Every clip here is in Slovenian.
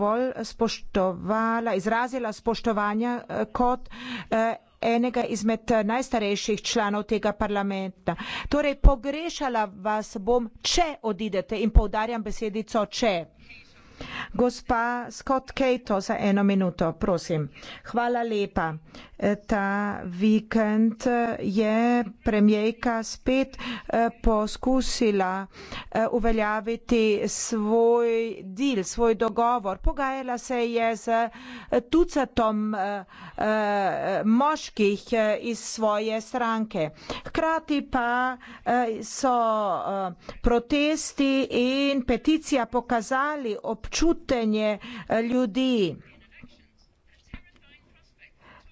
dovolj spoštovala izrazila spoštovanja eh, kot eh, enega izmed eh, najstarejših članov tega parlamenta. torej pogrešala vas bom če odidete in poudarjam besedico če. Gospa Scott Kato za eno minuto, prosim. Hvala lepa. Ta vikend je premijejka spet eh, poskusila eh, uveljaviti svoj del, svoj dogovor. Pogajala se je z eh, tucatom moških iz svoje stranke. Hkrati pa so protesti in peticija pokazali ob čutenje eh, ljudi.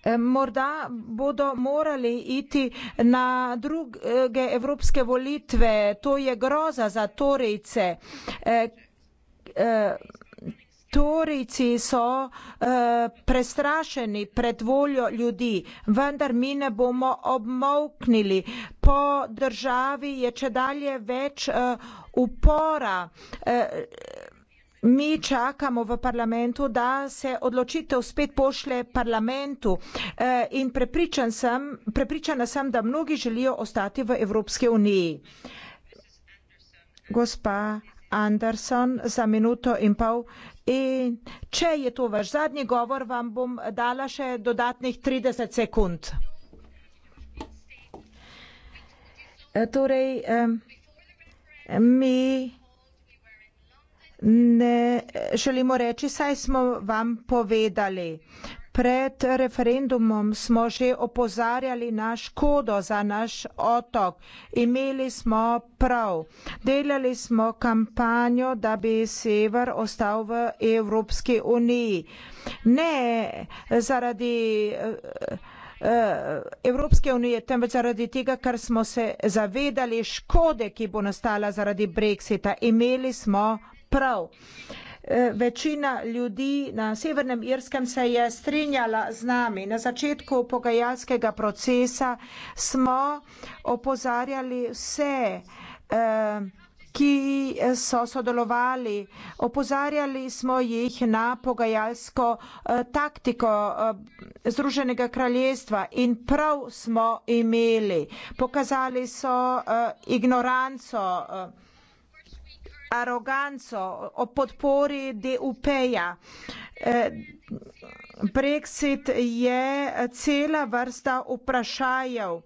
Eh, morda bodo morali iti na druge evropske volitve, to je groza za torice. Eh, torici so prestrašeni pred voljo ljudi, vendar mi ne bomo obmoknili. Po državi je če dalje več upora. Mi čakamo v parlamentu, da se odločitev spet pošle parlamentu eh, in prepričan sem, prepričana sem, da mnogi želijo ostati v Evropske uniji. Gospa Anderson za minuto in pol. In če je to vaš zadnji govor, vam bom dala še dodatnih 30 sekund. Eh, torej, eh, mi ne želimo reči, saj smo vam povedali. Pred referendumom smo že opozarjali na škodo za naš otok. Imeli smo prav. Delali smo kampanjo, da bi sever ostal v Evropski uniji. Ne zaradi eh, eh, Evropske unije, temveč zaradi tega, ker smo se zavedali škode, ki bo nastala zaradi brexita. Imeli smo prav. E, večina ljudi na Severnem Irskem se je strinjala z nami. Na začetku pogajalskega procesa smo opozarjali vse, e, ki so sodelovali. Opozarjali smo jih na pogajalsko e, taktiko Združenega kraljestva in prav smo imeli. Pokazali so ignoranco aroganco, o podpori DUP-ja. E, Brexit je cela vrsta vprašanj.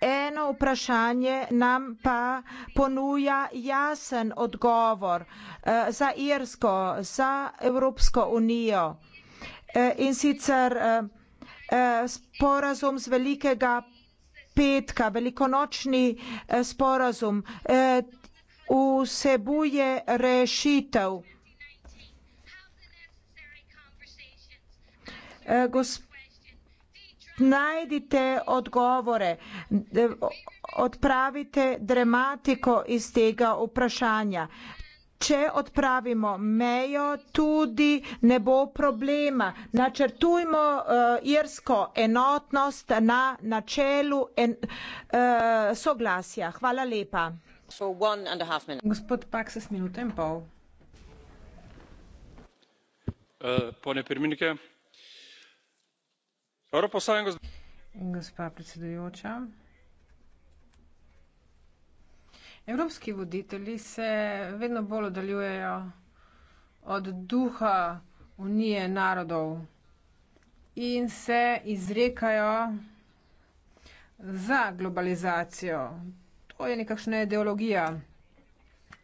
Eno vprašanje nam pa ponuja jasen odgovor e, za Irsko, za Evropsko unijo. E, in sicer sporazum z velikega petka, velikonočni eh, sporazum, eh, vsebuje rešitev. Eh, najdite odgovore, odpravite dramatiko iz tega vprašanja. Če odpravimo mejo, tudi ne bo problema. Načrtujmo uh, irsko enotnost na načelu en, uh, soglasja. Hvala lepa. Gospod Paksas, minuto in pol. Uh, pone Pirminike. Gospa predsedujoča. Evropski voditelji se vedno bolj oddaljujejo od duha unije narodov in se izrekajo za globalizacijo. To je nekakšna ideologija.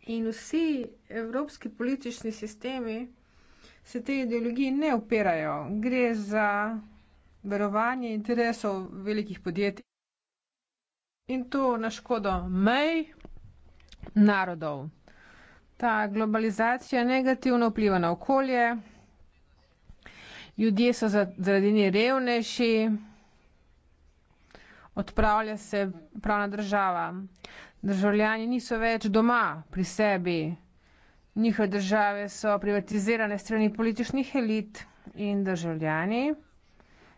In vsi evropski politični sistemi se tej ideologiji ne upirajo. Gre za verovanje interesov velikih podjetij. In to na škodo mej, narodov. Ta globalizacija negativno vpliva na okolje, ljudje so zaradi nje revnejši, odpravlja se pravna država. Državljani niso več doma pri sebi, njihove države so privatizirane strani političnih elit in državljani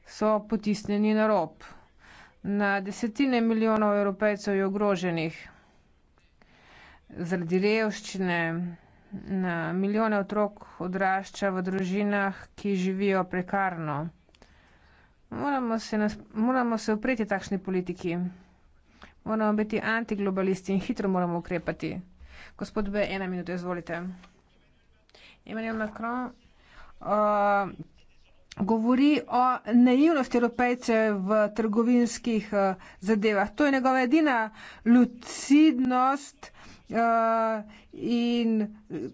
so potisnjeni na rob. Na desetine milijonov evropejcev je ogroženih zaradi revščine. Na milijone otrok odrašča v družinah, ki živijo prekarno. Moramo se, nas, moramo se upreti takšni politiki. Moramo biti antiglobalisti in hitro moramo ukrepati. Gospod B., ena minuta, izvolite. Emmanuel Macron uh, govori o naivnosti evropejce v trgovinskih uh, zadevah. To je njegova edina lucidnost, uh, Uh, in eh,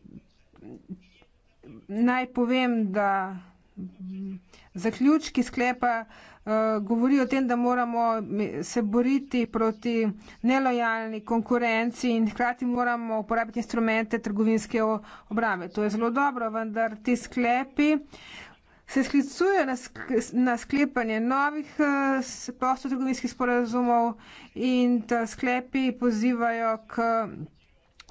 naj povem, da mm, zaključki sklepa uh, eh, govori o tem, da moramo se boriti proti nelojalni konkurenci in hkrati moramo uporabiti instrumente trgovinske obrave. To je zelo dobro, vendar ti sklepi se sklicuje na sklepanje novih prostotrgovinskih sporazumov in sklepi pozivajo k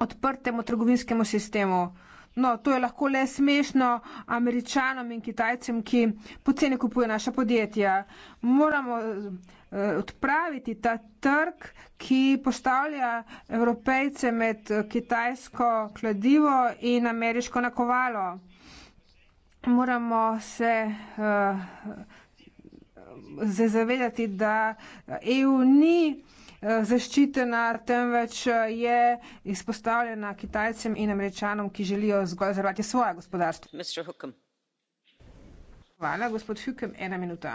odprtemu trgovinskemu sistemu. No, to je lahko le smešno američanom in kitajcem, ki poceni kupuje naša podjetja. Moramo eh, odpraviti ta trg, ki postavlja evropejce med eh, kitajsko kladivo in ameriško nakovalo. Moramo se uh, zavedati, da EU e ni uh, Eh, zaščitena, temveč eh, je izpostavljena Kitajcem in Američanom, ki želijo zgolj zarvati svoje gospodarstvo. Hvala, gospod Hukem, ena minuta.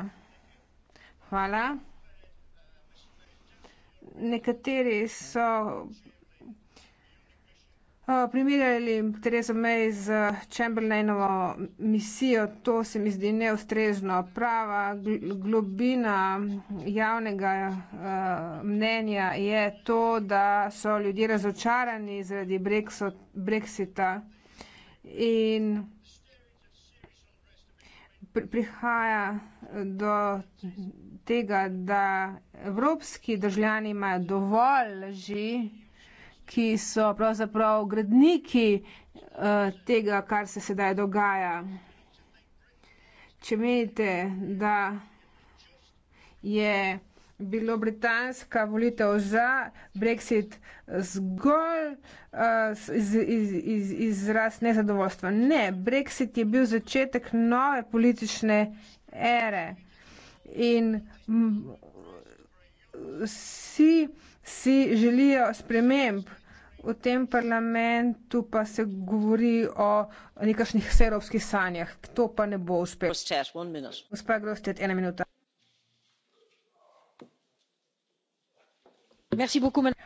Hvala. Nekateri so Uh, primerjali Theresa May z Chamberlainovo misijo, to se mi zdi neustrezno. Prava globina javnega uh, mnenja je to, da so ljudje razočarani zaradi Brexita in prihaja do tega, da evropski državljani imajo dovolj laži, ki so pravzaprav gradniki uh, tega, kar se sedaj dogaja. Če menite, da je bilo britanska volitev za Brexit zgolj uh, iz, iz, iz, izraz nezadovoljstva. Ne, Brexit je bil začetek nove politične ere in vsi si želijo sprememb v tem parlamentu pa se govori o nekašnih serovskih sanjah. To pa ne bo uspelo. Gospa Grostet, ena minuta.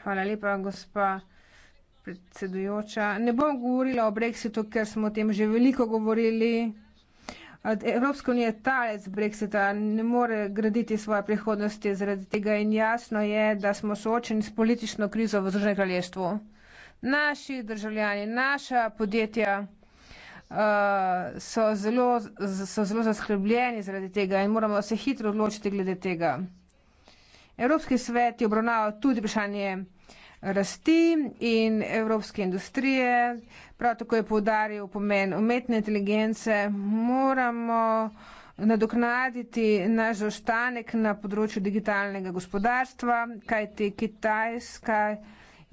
Hvala lepa, gospa predsedujoča. Ne bom govorila o brexitu, ker smo o tem že veliko govorili. Evropska unija je talec brexita, ne more graditi svoje prihodnosti zaradi tega in jasno je, da smo soočeni s politično krizo v Združenem kraljestvu naši državljani, naša podjetja uh, so, zelo, so zelo zaskrbljeni zaradi tega in moramo se hitro odločiti glede tega. Evropski svet je obravnaval tudi vprašanje rasti in evropske industrije, prav tako je povdaril pomen umetne inteligence. Moramo nadoknaditi naš zaostanek na področju digitalnega gospodarstva, kajti Kitajska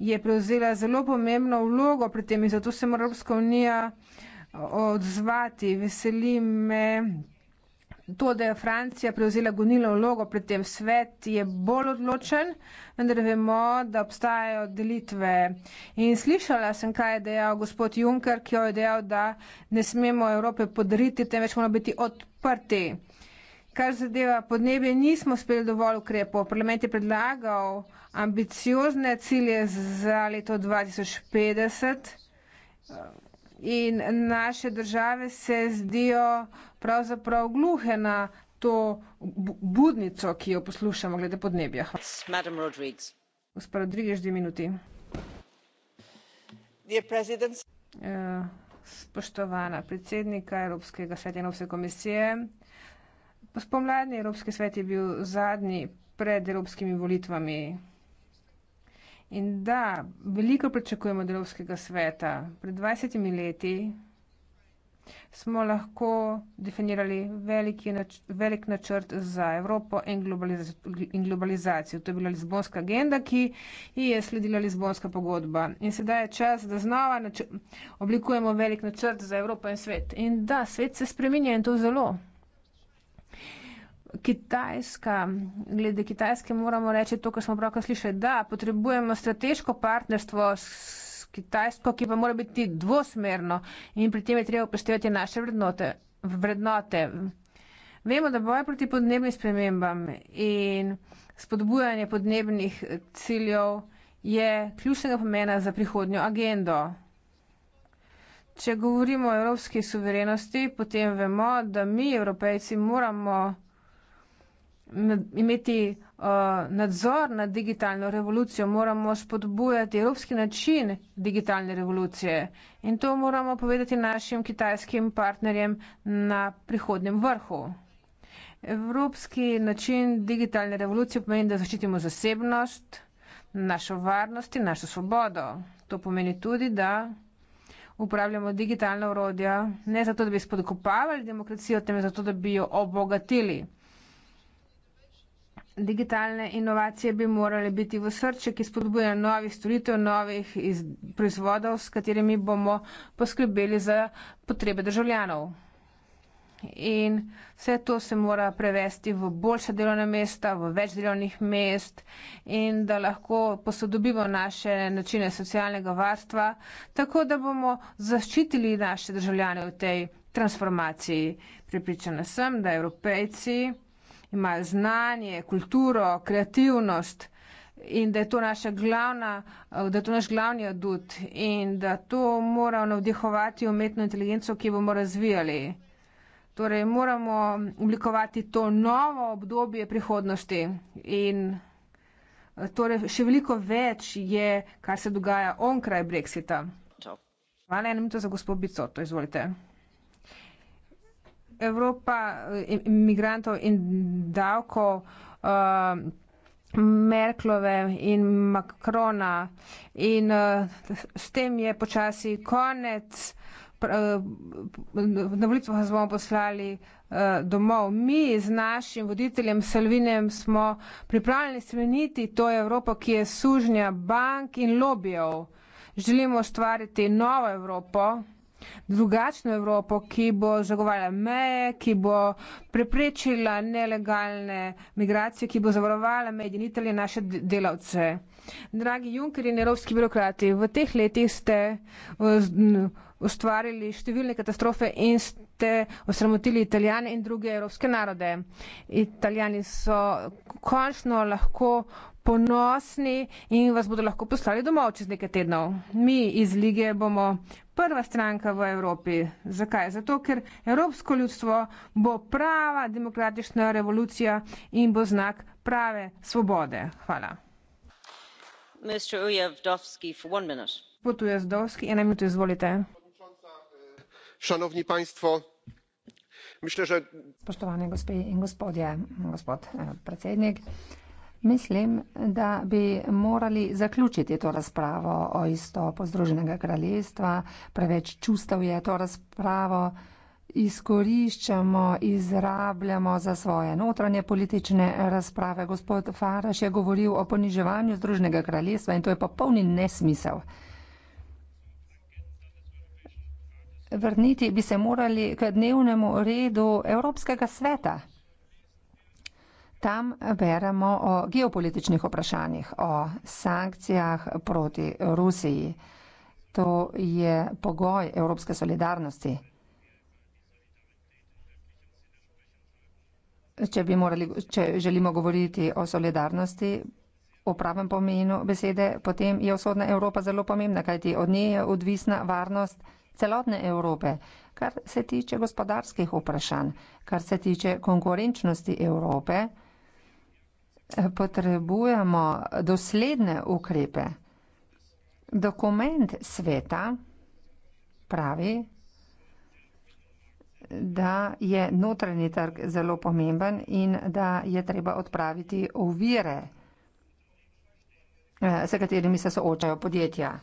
je prevzela zelo pomembno vlogo pri tem in zato se mora Evropska unija eh, odzvati. Veseli me to, da je Francija prevzela gonilno vlogo pri tem. Svet je bolj odločen, vendar vemo, da obstajajo delitve. In slišala sem, kaj je dejal gospod Juncker, ki jo je dejal, da ne smemo Evrope podariti, temveč moramo biti odprti. Kar zadeva podnebje, nismo uspeli dovolj ukrepov. Parlament je predlagal ambiciozne cilje za leto 2050 eh, in naše države se zdijo pravzaprav gluhe na to budnico, ki jo poslušamo glede podnebja. Gospa Rodriguez, dve minuti. Eh, spoštovana predsednika Evropskega sveta in Evropske komisije. Spomladni Evropski svet je bil zadnji pred evropskimi volitvami. In da, veliko pričakujemo od Evropskega sveta. Pred 20 leti smo lahko definirali velik, nač velik načrt za Evropo in, globaliza in globalizacijo. To je bila Lizbonska agenda, ki ji je sledila Lizbonska pogodba. In sedaj je čas, da znova oblikujemo velik načrt za Evropo in svet. In da, svet se spreminja in to zelo. Kitajska, glede Kitajske moramo reči to, kar smo pravkar slišali, da potrebujemo strateško partnerstvo s Kitajsko, ki pa mora biti dvosmerno in pri tem je treba upoštevati naše vrednote. vrednote. Vemo, da boj proti podnebnim spremembam in spodbujanje podnebnih ciljev je ključnega pomena za prihodnjo agendo. Če govorimo o evropski suverenosti, potem vemo, da mi, evropejci, moramo imeti uh, nadzor nad digitalno revolucijo, moramo spodbujati evropski način digitalne revolucije in to moramo povedati našim kitajskim partnerjem na prihodnem vrhu. Evropski način digitalne revolucije pomeni, da zaščitimo zasebnost, našo varnost in našo svobodo. To pomeni tudi, da uporabljamo digitalna urodja ne zato, da bi spodkopavali demokracijo, temveč zato, da bi jo obogatili digitalne inovacije bi morale biti v srče, ki spodbujajo novih storitev, novih iz, proizvodov, s katerimi bomo poskrbeli za potrebe državljanov. In vse to se mora prevesti v boljša delovna mesta, v več delovnih mest in da lahko posodobimo naše načine socialnega varstva, tako da bomo zaščitili naše državljane v tej transformaciji. Pripričana sem, da evropejci imajo znanje, kulturo, kreativnost in da je to, naša glavna, da je to naš glavni adut in da to mora navdihovati umetno inteligenco, ki bomo razvijali. Torej, moramo oblikovati to novo obdobje prihodnosti in eh, torej, še veliko več je, kar se dogaja onkraj Brexita. Hvala eno minuto za gospod Bicoto, izvolite. Evropa eh, imigrantov in davkov uh, Merklove in Makrona in uh, s tem je počasi konec. Na volitvah smo poslali domov. Mi z našim voditeljem Salvinem smo pripravljeni spremeniti to Evropo, ki je sužnja bank in lobijev. Želimo ustvariti novo Evropo, drugačno Evropo, ki bo zagovarjala meje, ki bo preprečila nelegalne migracije, ki bo zavarovala meje in Italije naše delavce. Dragi Junker in evropski birokrati, v teh letih ste ustvarili številne katastrofe in ste osramotili Italijane in druge evropske narode. Italijani so končno lahko ponosni in vas bodo lahko poslali domov čez nekaj tednov. Mi iz lige bomo prva stranka v Evropi. Zakaj? Zato, ker evropsko ljudstvo bo prava demokratična revolucija in bo znak prave svobode. Hvala. Spoštovani gospe in gospodje, gospod eh, predsednik. Mislim, da bi morali zaključiti to razpravo o izstopu Združenega kraljestva. Preveč čustev je to razpravo izkoriščamo, izrabljamo za svoje notranje politične razprave. Gospod Faraš je govoril o poniževanju Združenega kraljestva in to je popolni nesmisel. Vrniti bi se morali k dnevnemu redu Evropskega sveta. Tam beremo o geopolitičnih vprašanjih, o sankcijah proti Rusiji. To je pogoj evropske solidarnosti. Če, bi morali, če želimo govoriti o solidarnosti, o pravem pomenu besede, potem je vzhodna Evropa zelo pomembna, kajti od nje je odvisna varnost celotne Evrope, kar se tiče gospodarskih vprašanj, kar se tiče konkurenčnosti Evrope potrebujemo dosledne ukrepe. Dokument sveta pravi, da je notranji trg zelo pomemben in da je treba odpraviti ovire, eh, s katerimi se soočajo podjetja.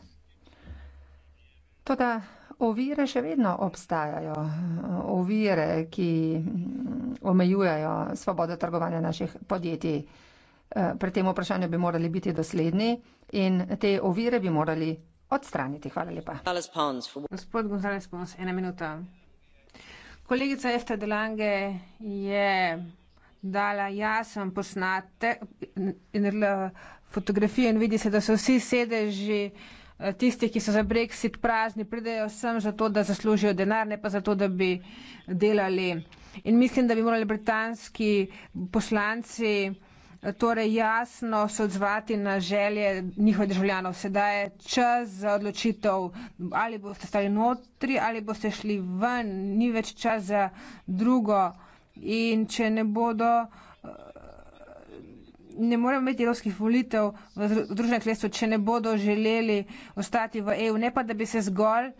Toda ovire še vedno obstajajo, eh, ovire, ki mm, omejujejo svobodo trgovanja naših podjetij. Eh, pri tem vprašanju bi morali biti dosledni in te ovire bi morali odstraniti. Hvala lepa. Gospod González Pons, ena minuta. Kolegica Efta Delange je dala jasen posnate in naredila fotografije in vidi se, da so vsi sedeži eh, tisti, ki so za brexit prazni, pridejo sem zato, da zaslužijo denar, ne pa zato, da bi delali. In mislim, da bi morali britanski poslanci torej jasno se odzvati na želje njihovih državljanov. Sedaj je čas za odločitev, ali boste stali notri ali boste šli ven, ni več čas za drugo. In če ne bodo, eh, ne moremo imeti evropskih volitev v združenem kresu, če ne bodo želeli ostati v EU, ne pa da bi se zgolj uh,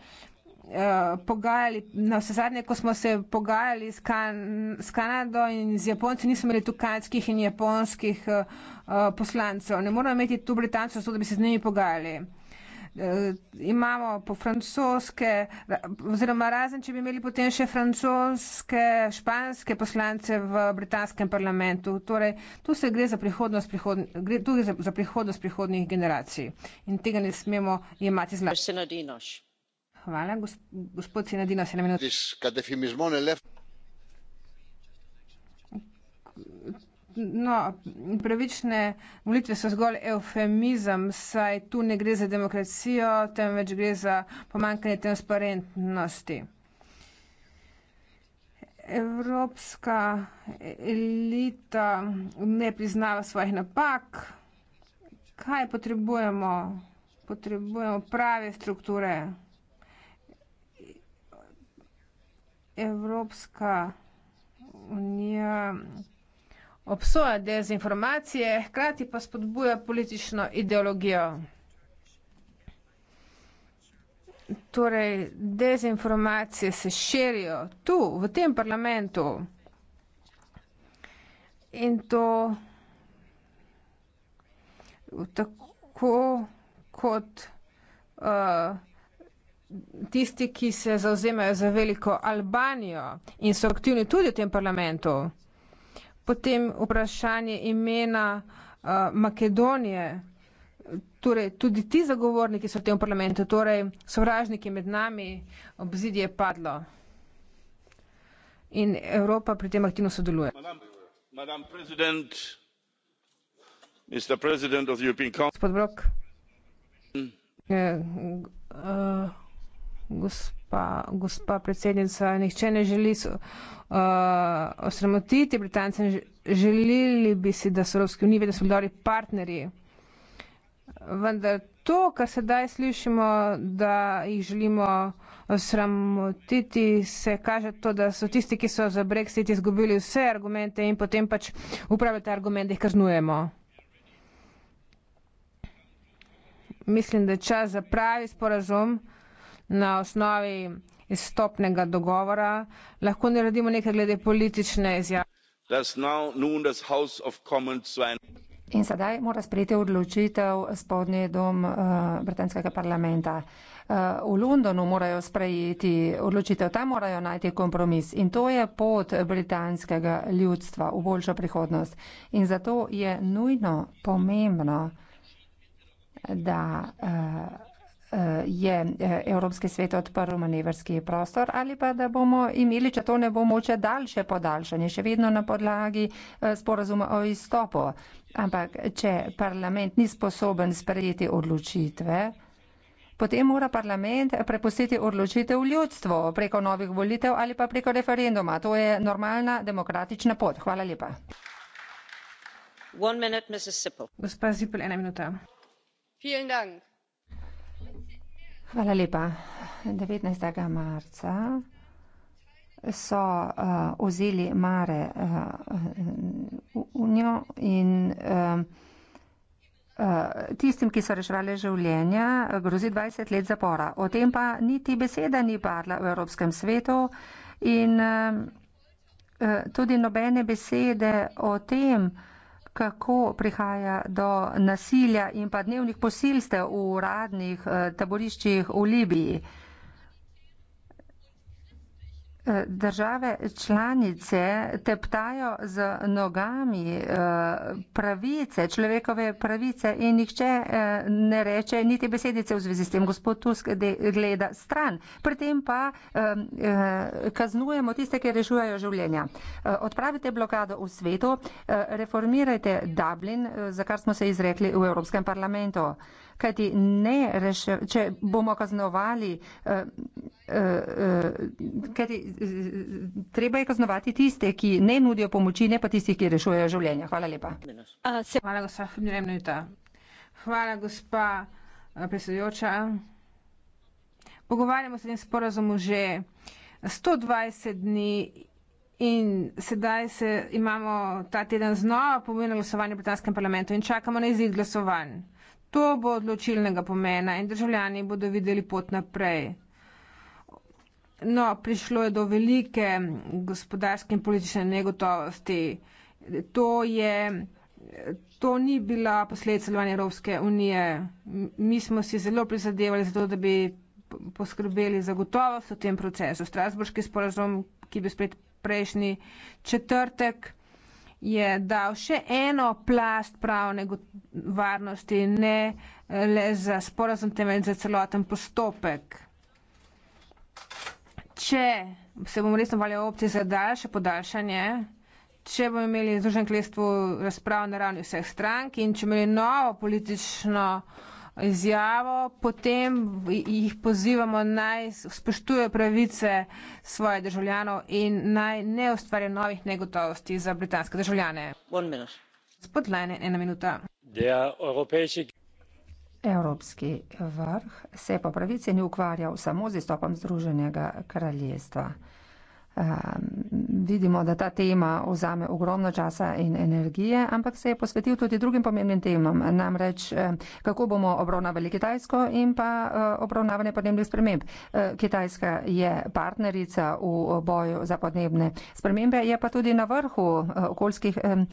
Eh, pogajali, na vse zadnje, ko smo se pogajali s, kan, s Kanado in z Japonci, nismo imeli tu kanadskih in japonskih uh, poslancev. Ne moramo imeti tu Britancev, zato da bi se z njimi pogajali. Uh, imamo po francoske, oziroma razen, če bi imeli potem še francoske, španske poslance v britanskem parlamentu. Torej, tu se gre za prihodnost, prihodn, gre tudi za, za prihodnost prihodnih generacij in tega ne smemo imati zlahka. Hvala. Gospod Sinadino, se namenuje. Tis, kad je fimizmo ne lef. No, pravične volitve so zgolj eufemizem, saj tu ne gre za demokracijo, temveč gre za pomankanje transparentnosti. Evropska elita ne priznava svojih napak. Kaj potrebujemo? Potrebujemo prave strukture. Evropska unija obsoja dezinformacije, hkrati pa spodbuja politično ideologijo. Torej, dezinformacije se širijo tu, v tem parlamentu. In to tako kot uh, tisti, ki se zauzemajo za veliko Albanijo in so aktivni tudi v tem parlamentu. Potem vprašanje imena uh, Makedonije, torej tudi ti zagovorniki so v tem parlamentu, torej sovražniki med nami, obzidje je padlo. In Evropa pri tem aktivno sodeluje. Gospod Brok. Uh, uh, gospa, gospa predsednica, nihče ne želi so, uh, osramotiti Britancem, želeli bi si, da so Evropski uniji, da so dobri partnerji. Vendar to, kar sedaj slišimo, da jih želimo osramotiti, se kaže to, da so tisti, ki so za Brexit izgubili vse argumente in potem pač upravljajo te argumente, jih kaznujemo. Mislim, da je čas za pravi sporazum na osnovi izstopnega dogovora lahko naredimo nekaj glede politične izjave. In sedaj mora sprejeti odločitev spodnji dom uh, britanskega parlamenta. Eh, v Londonu morajo sprejeti odločitev, tam morajo najti kompromis in to je pot britanskega ljudstva v boljšo prihodnost. In zato je nujno pomembno, da. Uh, Eh, je eh, Evropski svet odprl manevrski prostor ali pa da bomo imeli, če to ne bo moče, daljše podaljšanje, še vedno na podlagi eh, sporazuma o izstopu. Ampak, če parlament ni sposoben sprejeti odločitve, potem mora parlament prepustiti odločitev ljudstvo preko novih volitev ali pa preko referenduma. To je normalna demokratična pot. Hvala lepa. Minute, Gospa Zipel, ena minuta. Hvala. Hvala lepa. 19. marca so uh, vzeli Mare uh, unijo uh, in uh, uh, tistim, ki so reševali življenja, grozi 20 let zapora. O tem pa niti beseda ni padla v Evropskem svetu in um, uh, tudi nobene besede o tem, uh, kako prihaja do nasilja in pa dnevnih posilstev v uradnih eh, taboriščih v Libiji. Države članice teptajo z nogami eh, pravice, človekove pravice in nihče eh, ne reče niti besedice v zvezi s tem. Gospod Tusk gleda stran. Pri tem pa eh, kaznujemo tiste, ki rešujejo življenja. Odpravite blokado v svetu, reformirajte Dublin, za kar smo se izrekli v Evropskem parlamentu kajti ne reše, če bomo kaznovali, eh, eh, eh, kajti treba je kaznovati tiste, ki ne nudijo pomoči, ne pa tisti, ki rešujejo življenja. Hvala lepa. Hvala, gospa Hrmnjemnita. Hvala, gospa predsedujoča. Pogovarjamo se o tem sporazumu že 120 dni in sedaj se imamo ta teden znova pomembno glasovanje v britanskem parlamentu in čakamo na izid glasovanj. To bo odločilnega pomena in državljani bodo videli pot naprej. No, prišlo je do velike gospodarske in politične negotovosti. To, je, to ni bila posledica delovanja Evropske unije. Mi smo si zelo prizadevali za to, da bi poskrbeli za gotovost v tem procesu. Strasburški sporazum, ki bi spet prejšnji četrtek je dal še eno plast pravne varnosti, ne le za sporazum, temveč za celoten postopek. Če se bomo resno valjali opcije za daljše podaljšanje, če bomo imeli v Združenem kraljestvu razpravo na ravni vseh strank in če bomo imeli novo politično izjavo, potem jih pozivamo naj spoštuje pravice svoje državljanov in naj ne ustvarja novih negotovosti za britanske državljane. Gospod Leinen, ena minuta. Evropski vrh se je po pravici ni ukvarjal samo z izstopom Združenega kraljestva. Ehm, vidimo, da ta tema vzame ogromno časa in energije, ampak se je posvetil tudi drugim pomembnim temam, namreč ehm, kako bomo obravnavali Kitajsko in pa eh, obravnavanje podnebnih sprememb. Eh, Kitajska je partnerica v eh, boju za podnebne spremembe, je pa tudi na vrhu okoljskih ehm,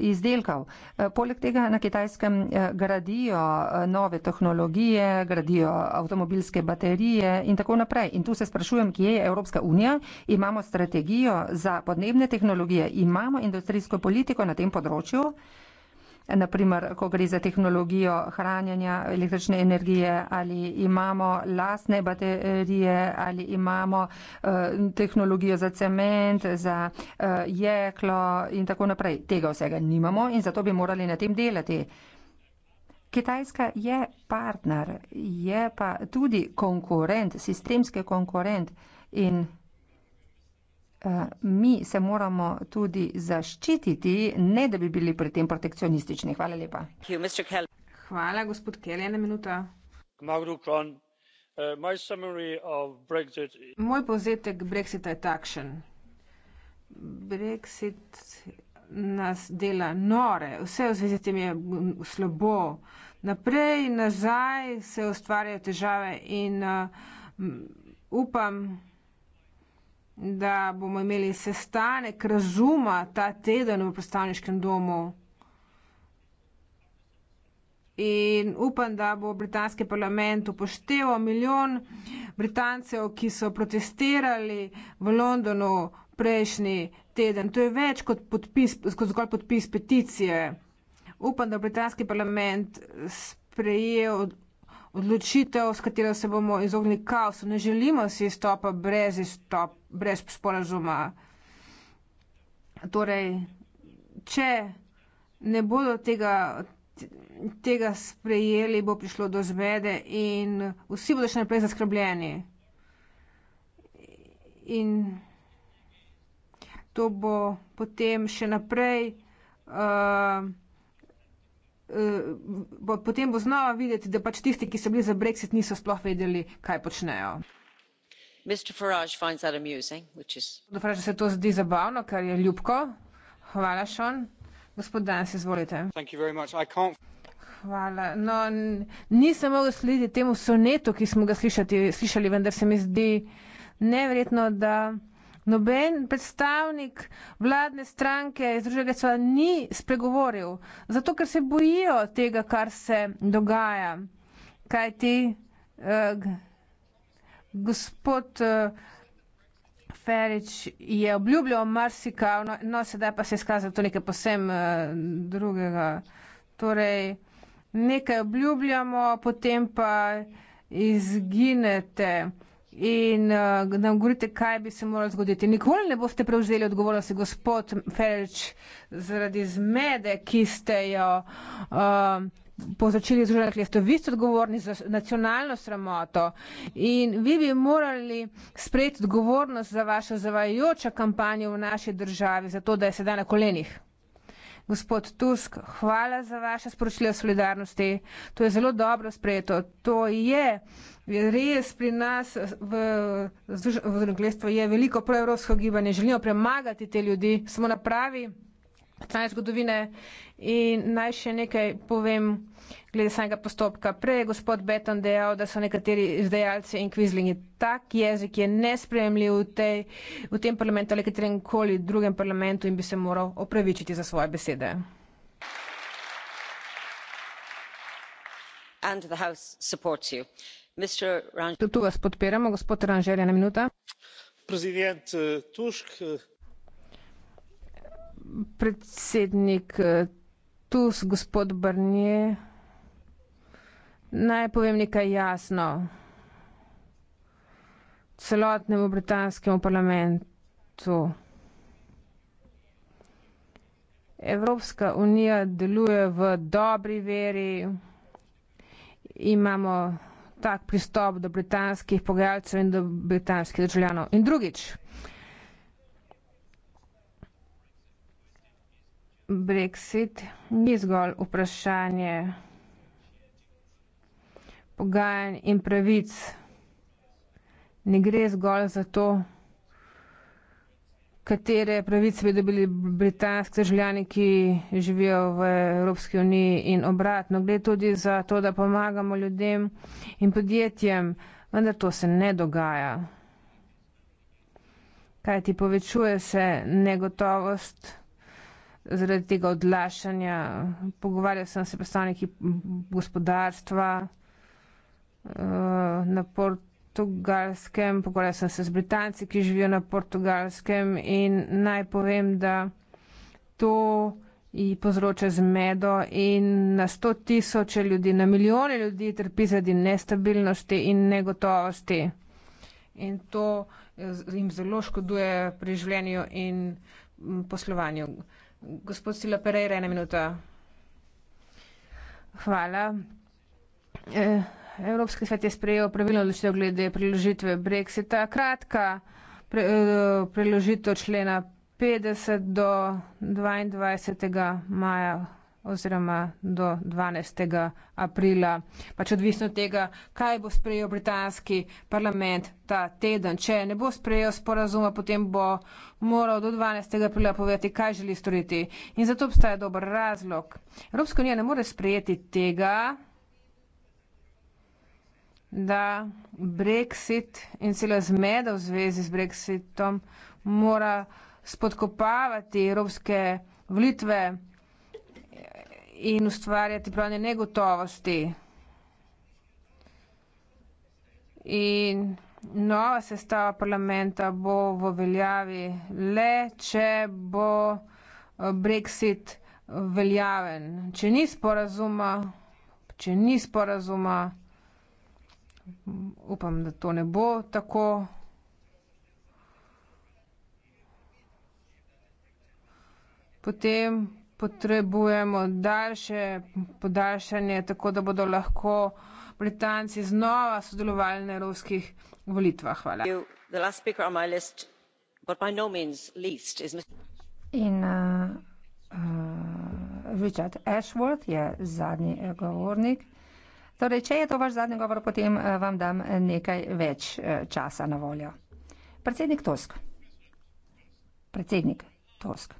izdelkov. Poleg tega na Kitajskem gradijo nove tehnologije, gradijo avtomobilske baterije in tako naprej. In tu se sprašujem, kje je Evropska unija imamo strategijo za podnebne tehnologije, imamo industrijsko politiko na tem področju, naprimer, ko gre za tehnologijo hranjanja električne energije ali imamo lasne baterije ali imamo eh, tehnologijo za cement, za eh, jeklo in tako naprej. Tega vsega nimamo in zato bi morali na tem delati. Kitajska je partner, je pa tudi konkurent, sistemski konkurent in. Eh, mi se moramo tudi zaščititi, ne da bi bili pri tem protekcionistični. Hvala lepa. Hvala, gospod Kelly, ena minuta. Eh, Moj povzetek Brexita je takšen. Brexit nas dela nore, vse v zvezi s tem je slabo. Naprej in nazaj se ustvarjajo težave in uh, upam, da bomo imeli sestanek razuma ta teden v predstavniškem domu. In upam, da bo britanski parlament upošteval milijon britancev, ki so protestirali v Londonu prejšnji teden. To je več kot, podpis, kot zgolj podpis peticije. Upam, da bo britanski parlament sprejel odločitev, s katero se bomo izognili kaosu. Ne želimo si izstopa brez, izstop, brez sporazuma. Torej, če ne bodo tega, tega sprejeli, bo prišlo do zmede in vsi bodo še naprej zaskrbljeni. In to bo potem še naprej. Uh, bo, potem bo znova videti, da pač tisti, ki so bili za brexit, niso sploh vedeli, kaj počnejo. Mr. Farage finds that amusing, which is. Gospod Farage se to zdi zabavno, kar je ljubko. Hvala, Sean. Gospod Danes, izvolite. Thank you very much. I can't. Hvala. No, nisem mogel slediti temu sonetu, ki smo ga slišati, slišali, vendar se mi zdi neverjetno, da Noben predstavnik vladne stranke iz Združenega sveta ni spregovoril, zato ker se bojijo tega, kar se dogaja. Kaj ti, uh, eh, gospod uh, Ferič je obljubljal marsikav, no, no sedaj pa se je skazal to nekaj posem uh, eh, drugega. Torej, nekaj obljubljamo, potem pa izginete in uh, nam govorite, kaj bi se moralo zgoditi. Nikoli ne boste prevzeli odgovornosti, gospod Ferrič, zaradi zmede, ki ste jo uh, povzročili z Ružanom Kljestom. Vi ste odgovorni za nacionalno sramoto in vi bi morali sprejeti odgovornost za vašo zavajajočo kampanjo v naši državi, zato da je sedaj na kolenih. Gospod Tusk, hvala za vaše sporočilo solidarnosti. To je zelo dobro sprejeto. To je res pri nas v Združenem kraljestvu je veliko proevropsko gibanje. Želijo premagati te ljudi, smo na pravi same zgodovine in naj še nekaj povem glede samega postopka. Prej je gospod Beton dejal, da so nekateri izdajalci in kvizlingi tak jezik je nespremljiv v, tej, v tem parlamentu ali katerem koli drugem parlamentu in bi se moral opravičiti za svoje besede. And the house supports you. Mr. Rang... Tudi tu vas podpiramo, gospod Ranžel, ena minuta. Prezident eh, Tusk, eh, predsednik eh, Tus, gospod Brnje. Naj povem nekaj jasno celotnemu britanskemu parlamentu. Evropska unija deluje v dobri veri. Imamo tak pristop do britanskih pogajalcev in do britanskih državljanov. In drugič, Brexit ni zgolj vprašanje pogajanj in pravic. Ne gre zgolj za to, katere pravice bi dobili britanski državljani, ki živijo v Evropski uniji in obratno. Gre tudi za to, da pomagamo ljudem in podjetjem, vendar to se ne dogaja. Kaj ti povečuje se negotovost? zaradi tega odlašanja. Pogovarjal sem se predstavniki gospodarstva eh, na portugalskem, pogovarjal sem se z Britanci, ki živijo na portugalskem in naj povem, da to ji povzroča zmedo in na sto tisoče ljudi, na milijone ljudi trpi zaradi nestabilnosti in negotovosti. In to eh, jim zelo škoduje pri življenju in mm, poslovanju. Gospod Sila Pereira, ena minuta. Hvala. E, Evropski svet je sprejel pravilno odločitev glede priložitve Brexita. Kratka pre, e, priložitev člena 50 do 22. maja oziroma do 12. aprila, pač odvisno od tega, kaj bo sprejel britanski parlament ta teden. Če ne bo sprejel sporazuma, potem bo moral do 12. aprila povedati, kaj želi storiti. In zato obstaja dober razlog. Evropska unija ne more sprejeti tega, da Brexit in cela zmeda v zvezi s Brexitom mora spodkopavati evropske volitve in ustvarjati pravne negotovosti. In nova sestava parlamenta bo v veljavi le, če bo eh, Brexit veljaven. Če ni sporazuma, če ni sporazuma, upam, da to ne bo tako. Potem potrebujemo daljše podaljšanje, tako da bodo lahko Britanci znova sodelovali na evropskih volitvah. Hvala. No In uh, uh, Richard Ashworth je zadnji eh, govornik. Torej, če je to vaš zadnji govor, potem eh, vam dam nekaj več eh, časa na voljo. Predsednik Tusk. Predsednik Tusk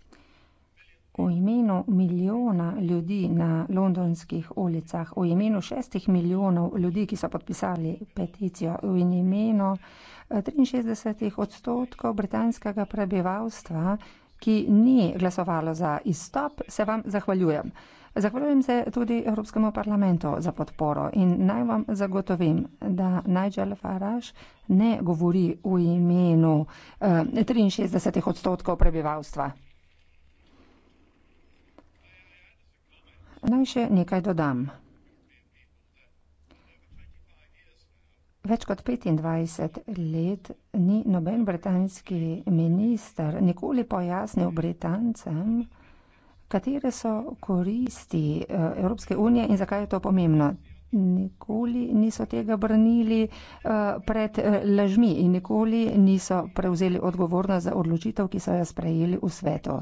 v imenu milijona ljudi na londonskih ulicah, v imenu šestih milijonov ljudi, ki so podpisali peticijo, v imenu 63 eh, odstotkov britanskega prebivalstva, ki ni glasovalo za izstop, se vam zahvaljujem. Zahvaljujem se tudi Evropskemu parlamentu za podporo in naj vam zagotovim, da Nigel Farage ne govori v imenu 63 eh, odstotkov prebivalstva. Naj še nekaj dodam. Več kot 25 let ni noben britanski minister nikoli pojasnil Britancem, katere so koristi eh, Evropske unije in zakaj je to pomembno. Nikoli niso tega brnili eh, pred eh, lažmi in nikoli niso prevzeli odgovornost za odločitev, ki so jo sprejeli v svetu.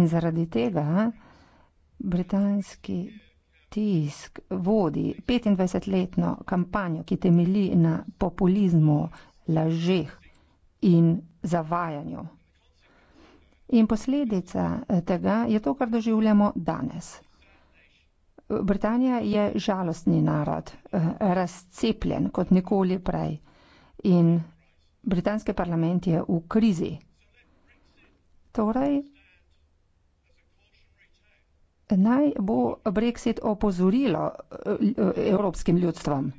In zaradi tega britanski tisk vodi 25-letno kampanjo, ki temeli na populizmu, lažeh in zavajanju. In posledica eh, tega je to, kar doživljamo danes. Britanija je žalostni narod, eh, razcepljen kot nikoli prej in britanski parlament je v krizi. Torej, naj bo brexit opozorilo eh, evropskim ljudstvom.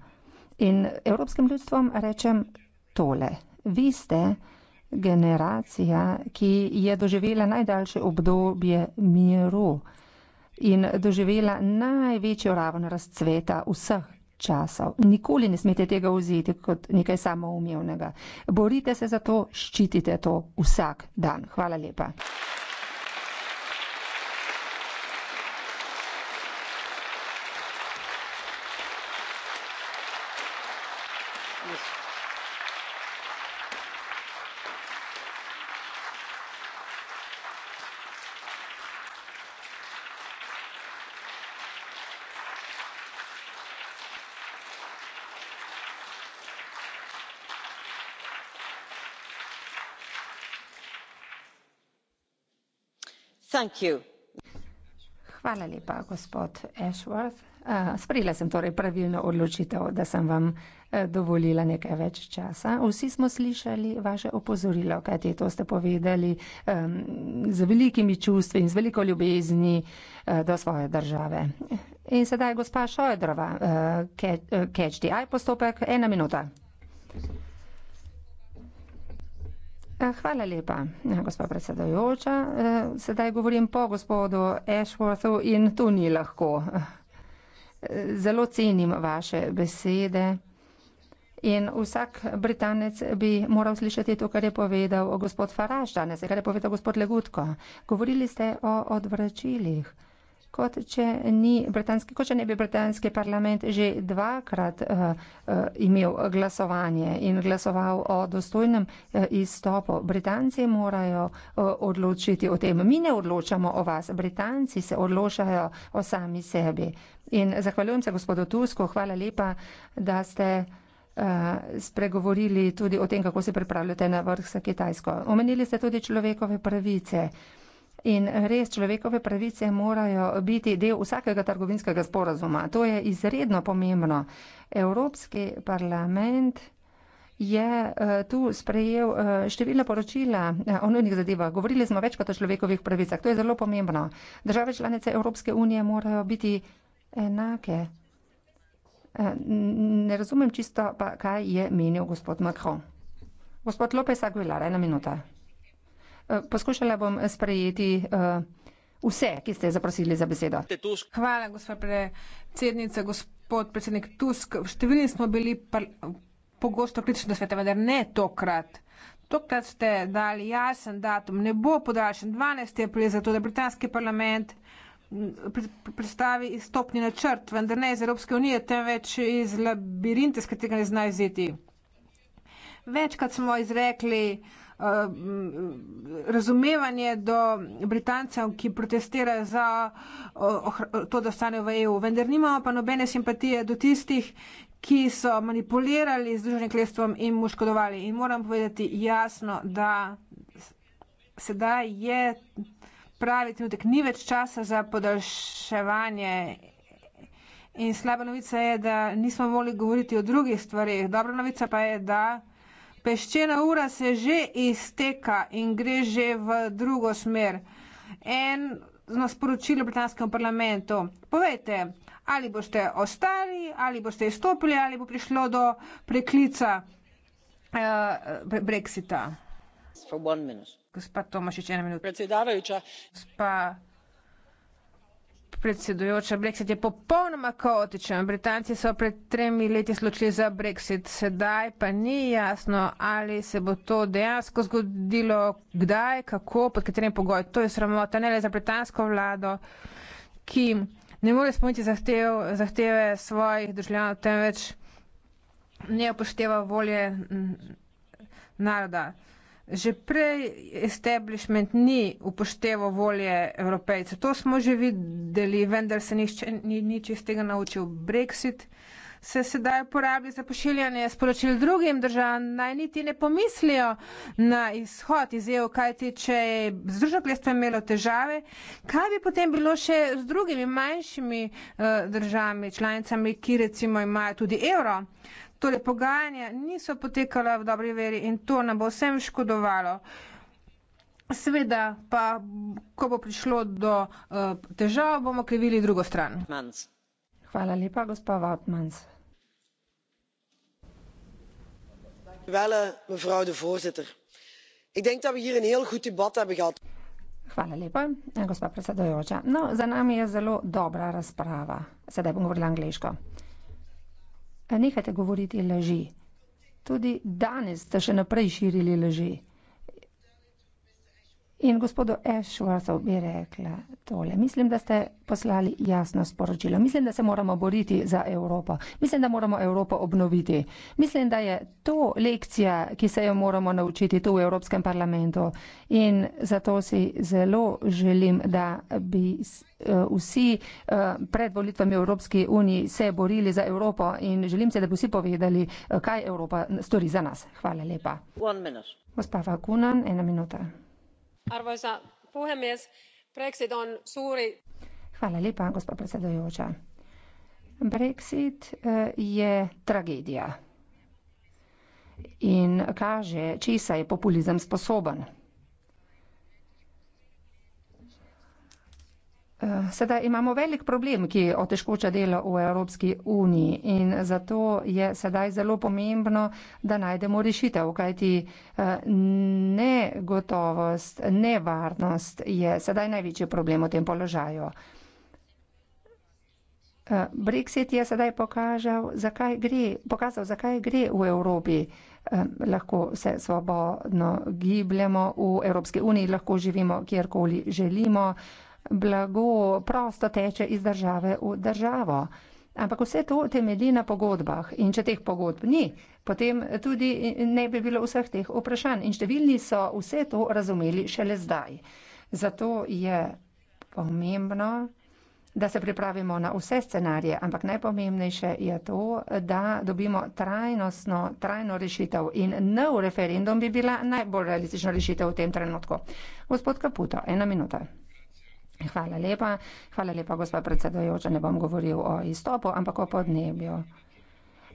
In evropskim ljudstvom rečem tole. Vi ste generacija, ki je doživela najdaljše obdobje miru in doživela največjo raven razcveta vseh časov. Nikoli ne smete tega vzeti kot nekaj samoumevnega. Borite se za to, ščitite to vsak dan. Hvala lepa. Hvala lepa, gospod Ashworth. Eh, sprejela sem torej pravilno odločitev, da sem vam eh, dovolila nekaj več časa. Vsi smo slišali vaše opozorilo, kajti to ste povedali um, z velikimi čustvi in z veliko ljubezni uh, do svoje države. In sedaj gospa Šojdrova, uh, catch, uh, catch the eye postopek, ena minuta. Hvala. Eh, hvala lepa, eh, gospod predsedojoča. Eh, sedaj govorim po gospodu Ashworthu in tu ni lahko. Zelo cenim vaše besede in vsak Britanec bi moral slišati to, kar je povedal gospod Faraž danes, kar je povedal gospod Legutko. Govorili ste o odvračilih kot če, ni, kot če ne bi britanski parlament že dvakrat uh, uh, imel glasovanje in glasoval o dostojnem uh, izstopu. Britanci morajo uh, odločiti o tem. Mi ne odločamo o vas, Britanci se odločajo o sami sebi. In zahvaljujem se gospodu Tusku, hvala lepa, da ste spregovorili tudi o tem, kako se pripravljate na vrh za Kitajsko. Omenili ste tudi človekove pravice. In res človekove pravice morajo biti del vsakega trgovinskega sporazuma. To je izredno pomembno. Evropski parlament je eh, tu sprejel eh, številna poročila eh, o nujnih zadevah. Govorili smo večkrat o človekovih pravicah. To je zelo pomembno. Države članice Evropske unije morajo biti enake. Ne razumem čisto pa, kaj je menil gospod Macron. Gospod Lopez Aguilar, ena minuta. Eh, poskušala bom sprejeti eh, vse, ki ste zaprosili za besedo. Hvala, gospa predsednica, gospod predsednik Tusk. Številni smo bili pogosto kritični do sveta, vendar ne tokrat. Tokrat ste dali jasen datum, ne bo podaljšen 12. april, zato da britanski parlament predstavi stopni načrt, vendar ne iz Evropske unije, temveč iz labirinta, iz katerega ne zna iziti. Večkrat smo izrekli, Eh, razumevanje do Britancev, ki protestirajo za eh, to, da stanejo v EU. Vendar nimamo pa nobene simpatije do tistih, ki so manipulirali z druženim kljestvom in mu škodovali. In moram povedati jasno, da sedaj je pravi trenutek, ni več časa za podaljševanje. In slaba novica je, da nismo mogli govoriti o drugih stvarih. Dobra novica pa je, da. Peščena ura se že izteka in gre že v drugo smer. En na sporočilo britanskemu parlamentu. Povejte, ali boste ostali, ali boste izstopili, ali bo prišlo do preklica uh, Brexita. Gospa Tomašič, ena minuta. Predsedavajoča. Gospa predsedujoča, Brexit je popolnoma kaotičen. Britanci so pred tremi leti sločili za Brexit, sedaj pa ni jasno, ali se bo to dejansko zgodilo, kdaj, kako, pod katerim pogojem. To je sramota ne le za britansko vlado, ki ne more spomniti zahtev, zahteve svojih državljanov, temveč ne upošteva volje naroda. Že prej establishment ni upošteval volje evropejcev, to smo že videli, vendar se nišče ni, ni čistega naučil. Brexit se sedaj uporablja za pošiljanje sporočil drugim državam, naj niti ne pomislijo na izhod iz EU, kajti če je Združeno kraljestvo imelo težave, kaj bi potem bilo še z drugimi manjšimi uh, državami, članicami, ki recimo imajo tudi evro? Torej, pogajanja niso potekala v dobri veri in to nam bo vsem škodovalo. Sveda pa, ko bo prišlo do uh, težav, bomo krivili drugo stran. Hvala lepa, gospa Vatmans. mevrouw de voorzitter ik denk dat we hier een heel goed debat hebben gehad. Hvala lepa, gospa predsedujoča. No, za nami je zelo dobra razprava. Sedaj bom govorila angliško. Nehajte govoriti laži. Tudi danes ste še naprej širili laži. In gospodu Ashworthu bi rekla tole. Mislim, da ste poslali jasno sporočilo. Mislim, da se moramo boriti za Evropo. Mislim, da moramo Evropo obnoviti. Mislim, da je to lekcija, ki se jo moramo naučiti tu v Evropskem parlamentu. In zato si zelo želim, da bi eh, vsi eh, pred volitvami v Evropski uniji se borili za Evropo in želim se, da bi vsi povedali, eh, kaj Evropa stori za nas. Hvala lepa. Gospa Vakunan, ena minuta arvoisa puhemies brexit on suuri Hvala lepa, gospa predsedujoča. Brexit eh, je tragedija in kaže, česa je populizem sposoben. Sedaj imamo velik problem, ki otežkoča delo v Evropski uniji in zato je sedaj zelo pomembno, da najdemo rešitev, kajti eh, negotovost, nevarnost je sedaj največji problem v tem položaju. Eh, Brexit je sedaj pokazal, zakaj gre, pokazal, zakaj gre v Evropi. Eh, lahko se svobodno gibljamo v Evropski uniji, lahko živimo kjerkoli želimo blago prosto teče iz države v državo. Ampak vse to temelji na pogodbah in če teh pogodb ni, potem tudi ne bi bilo vseh teh vprašanj in številni so vse to razumeli šele zdaj. Zato je pomembno, da se pripravimo na vse scenarije, ampak najpomembnejše je to, da dobimo trajnostno, trajno rešitev in nov referendum bi bila najbolj realistična rešitev v tem trenutku. Gospod Kaputo, ena minuta. Hvala lepa. Hvala lepa, gospod predsedojoča. Ne bom govoril o izstopu, ampak o podnebju.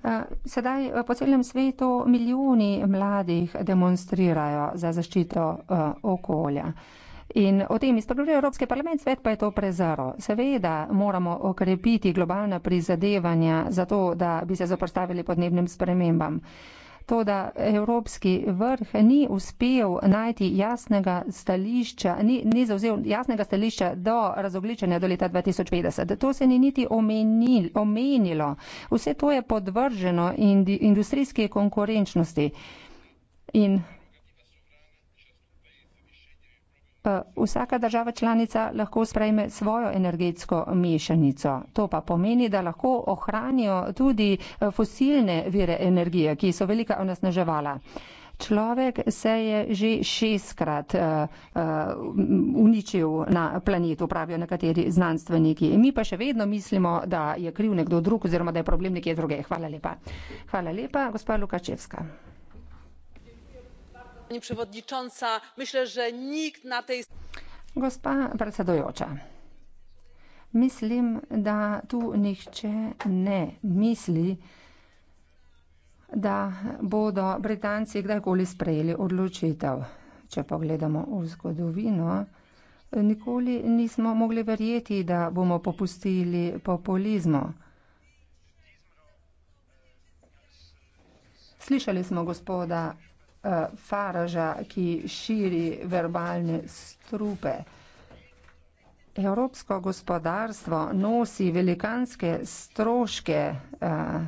Eh, sedaj eh, po celem svetu milijoni mladih demonstrirajo za zaščito eh, okolja. In o tem izpogovoril Evropski parlament, svet pa je to prezaro. Seveda moramo okrepiti globalna prizadevanja za to, da bi se zaprstavili podnebnim spremembam. To, da Evropski vrh ni uspel najti jasnega stališča, ni, ni zauzel jasnega stališča do razogličenja do leta 2050. To se ni niti omenil, omenilo. Vse to je podvrženo indi, industrijski konkurenčnosti. In Eh, vsaka država članica lahko sprejme svojo energetsko mešanico. To pa pomeni, da lahko ohranijo tudi eh, fosilne vire energije, ki so velika onesnaževala. Človek se je že šestkrat uh, uh, uničil na planetu, pravijo nekateri znanstveniki. Mi pa še vedno mislimo, da je kriv nekdo drug oziroma da je problem nekje druge. Hvala lepa. Hvala lepa, gospod Lukačevska pani przewodnicząca! myślę że nikt na tej. gospa predsedujoča mislim da tu nihče ne misli da bodo britanci kdajkoli sprejeli odločitev če pogledamo v zgodovino nikoli nismo mogli verjeti da bomo popustili populizmu. Slišali smo gospoda uh, Faraža, ki širi verbalne strupe. Evropsko gospodarstvo nosi velikanske stroške uh,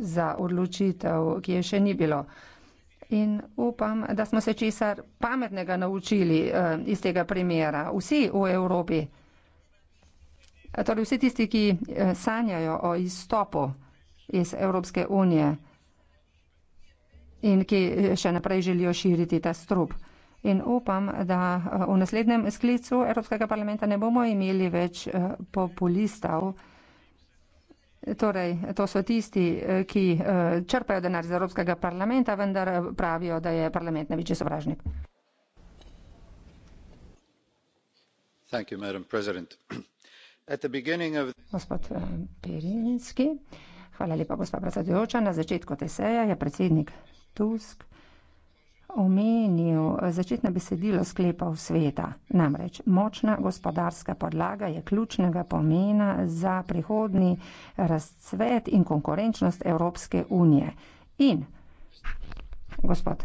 za odločitev, ki je še ni bilo. In upam, da smo se česar pametnega naučili uh, iz tega primera. Vsi v Evropi, torej vsi tisti, ki sanjajo o izstopu iz Evropske unije in ki eh, še naprej želijo širiti ta strup. In upam, da eh, v naslednjem sklicu Evropskega parlamenta ne bomo imeli več eh, populistov. Torej, to so tisti, ki črpajo denar iz Evropskega parlamenta, vendar pravijo, da je parlament največji sovražnik. Gospod Perinski, hvala lepa, gospod predsedujoča. Na začetku te seje je predsednik Tusk omenil začetno besedilo sklepov sveta. Namreč močna gospodarska podlaga je ključnega pomena za prihodni razcvet in konkurenčnost Evropske unije. In, gospod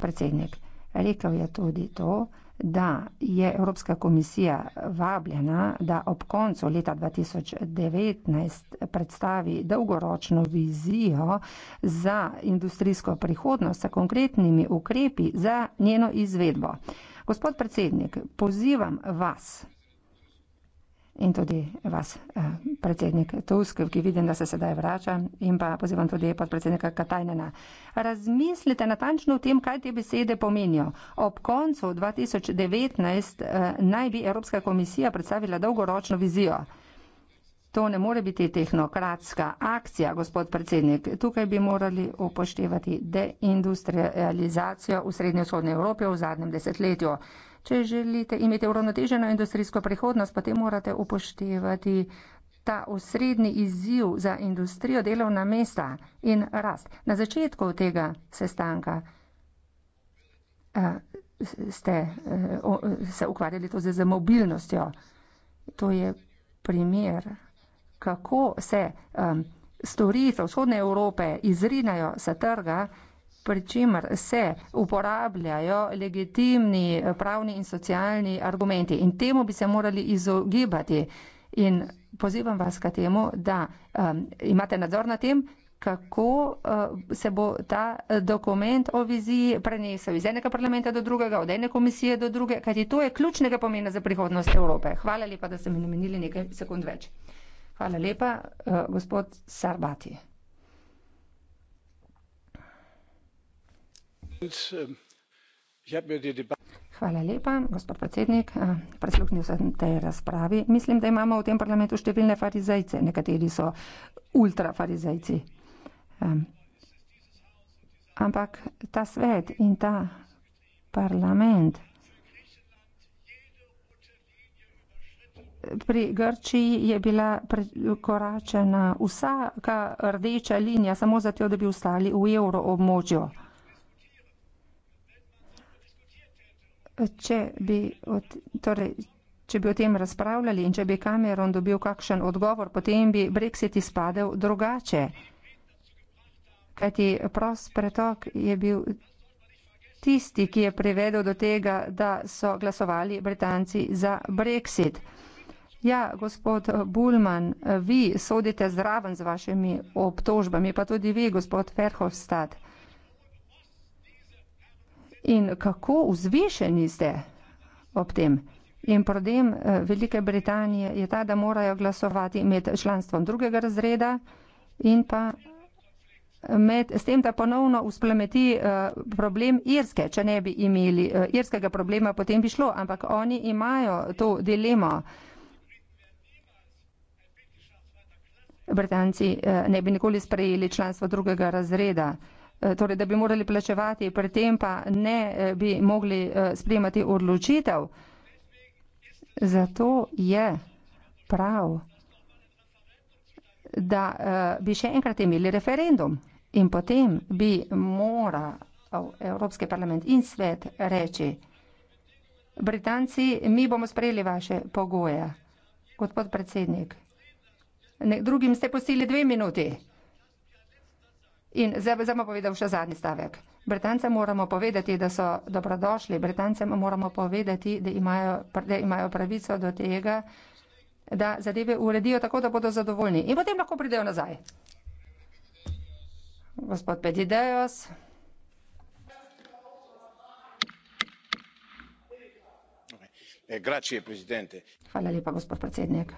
predsednik, rekel je tudi to, da je Evropska komisija vabljena, da ob koncu leta 2019 predstavi dolgoročno vizijo za industrijsko prihodnost s konkretnimi ukrepi za njeno izvedbo. Gospod predsednik, pozivam vas, in tudi vas, eh, predsednik Tusk, ki vidim, da se sedaj vrača in pa pozivam tudi podpredsednika Katajnena. Razmislite natančno o tem, kaj te besede pomenijo. Ob koncu 2019 eh, naj bi Evropska komisija predstavila dolgoročno vizijo. To ne more biti tehnokratska akcija, gospod predsednik. Tukaj bi morali upoštevati deindustrializacijo v srednjo vzhodnji Evropi v zadnjem desetletju. Če želite imeti uravnoteženo industrijsko prihodnost, potem morate upoštevati ta osrednji izziv za industrijo delovna mesta in rast. Na začetku tega sestanka eh, ste eh, se ukvarjali tudi z mobilnostjo. To je primer, kako se eh, storitev vzhodne Evrope izrinajo sa trga pri čemer se uporabljajo legitimni pravni in socialni argumenti. In temu bi se morali izogibati. In pozivam vas k temu, da um, imate nadzor nad tem, kako uh, se bo ta uh, dokument o viziji prenesel iz enega parlamenta do drugega, od ene komisije do druge, kajti to je ključnega pomena za prihodnost Evrope. Hvala lepa, da ste mi namenili nekaj sekund več. Hvala lepa, uh, gospod Sarbati. Hvala lepa, gospod predsednik. Eh, prisluhnil sem tej razpravi. Mislim, da imamo v tem parlamentu številne farizejce. Nekateri so ultrafarizejci. Ampak ta svet in ta parlament pri Grčiji je bila prekoračena vsaka rdeča linija samo zato, da bi ostali v evroobmočju. če bi, od, torej, če bi o tem razpravljali in če bi Cameron dobil kakšen odgovor, potem bi Brexit izpadel drugače. Kajti prost pretok je bil tisti, ki je privedel do tega, da so glasovali Britanci za Brexit. Ja, gospod Bulman, vi sodite zraven z vašimi obtožbami, pa tudi vi, gospod Ferhofstad. In kako vzvišeni ste ob tem. In problem eh, Velike Britanije je ta, da morajo glasovati med članstvom drugega razreda in pa med, s tem, da ponovno usplemeti eh, problem Irske. Če ne bi imeli eh, irskega problema, potem bi šlo. Ampak oni imajo to dilemo. Britanci ne bi nikoli sprejeli članstvo drugega razreda. Eh, torej da bi morali plačevati, predtem pa ne eh, bi mogli eh, sprejemati odločitev. Zato je prav, da bi še enkrat imeli referendum in potem bi mora Evropski parlament in svet reči, Britanci, mi bomo sprejeli vaše pogoje, gospod predsednik. Ne, drugim ste pustili dve minuti. In zdaj bi samo povedal še zadnji stavek. Britance moramo povedati, da so dobrodošli, Britance moramo povedati, da imajo, da imajo pravico do tega, da zadeve uredijo tako, da bodo zadovoljni in potem lahko pridejo nazaj. Gospod Pedideos. Hvala lepa, gospod predsednik.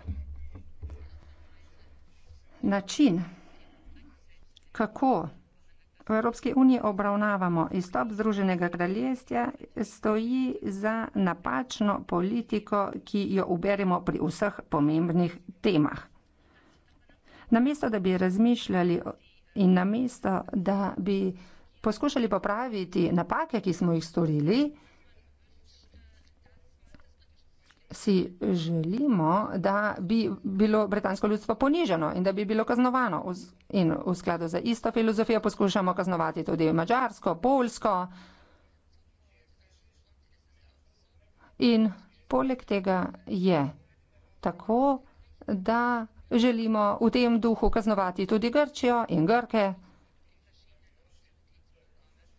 Način kako v Evropski uniji obravnavamo izstop Združenega kraljestva, stoji za napačno politiko, ki jo uberemo pri vseh pomembnih temah. Namesto, da bi razmišljali in namesto, da bi poskušali popraviti napake, ki smo jih storili, si želimo, da bi bilo britansko ljudstvo poniženo in da bi bilo kaznovano. In v skladu za isto filozofijo poskušamo kaznovati tudi mačarsko, polsko. In poleg tega je tako, da želimo v tem duhu kaznovati tudi Grčijo in Grke.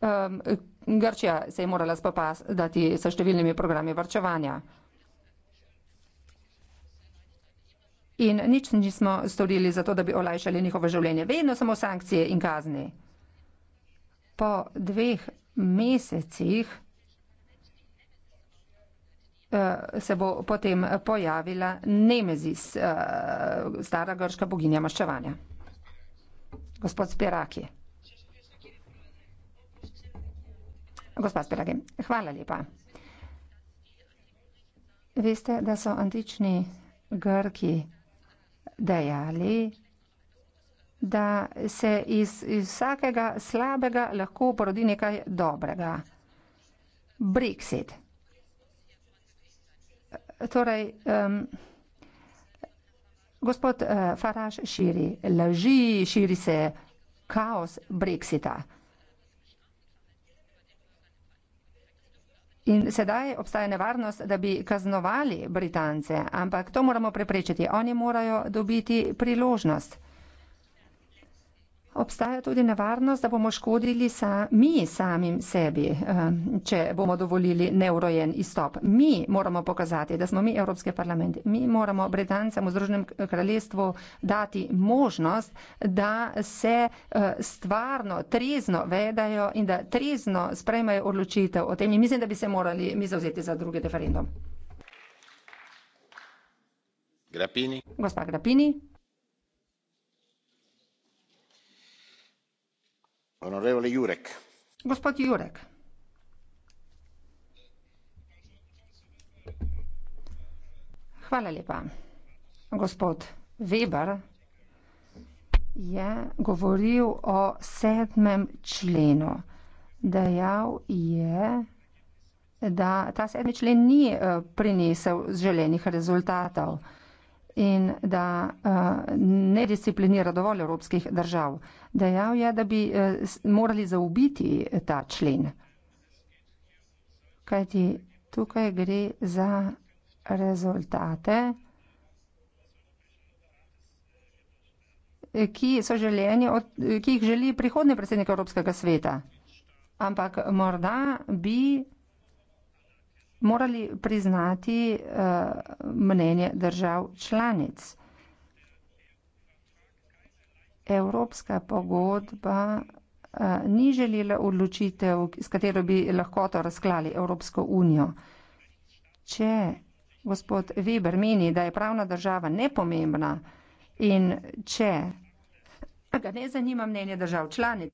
Um, Grčija se je morala spopasti s številnimi programi vrčevanja. in nič nismo storili za to, da bi olajšali njihovo življenje. Vedno samo sankcije in kazni. Po dveh mesecih eh, se bo potem pojavila Nemezis, eh, stara grška boginja maščevanja. Gospod Spiraki. Gospod Spiraki, hvala lepa. Veste, da so antični Grki dejali, da se iz, iz vsakega slabega lahko porodi nekaj dobrega. Brexit. Torej, um, gospod uh, eh, Faraž širi laži, širi se kaos Brexita. In sedaj obstaja nevarnost, da bi kaznovali Britance, ampak to moramo preprečiti. Oni morajo dobiti priložnost. Obstaja tudi nevarnost, da bomo škodili sa, mi samim sebi, eh, če bomo dovolili neurojen izstop. Mi moramo pokazati, da smo mi Evropski parlament. Mi moramo Britancem v Združenem kraljestvu dati možnost, da se eh, stvarno, trezno vedajo in da trezno sprejmejo odločitev o tem. In mislim, da bi se morali mi zauzeti za drugi referendum. Grapini. Gospa Grapini. gospod jurek hvala lepa gospod weber je govoril o sedmem členu dejal je da ta sedmi člen ni eh, prinesel želenih rezultatov in da uh, ne disciplinira dovolj evropskih držav. Dejal je, da bi uh, morali zaubiti ta člen. Kajti tukaj gre za rezultate, ki, želeni, od, ki jih želi prihodni predsednik Evropskega sveta. Ampak morda bi morali priznati uh, mnenje držav članic. Evropska pogodba uh, ni želela odločitev, s katero bi lahko to razklali Evropsko unijo. Če gospod Weber meni, da je pravna država nepomembna in če ga ne zanima mnenje držav članic,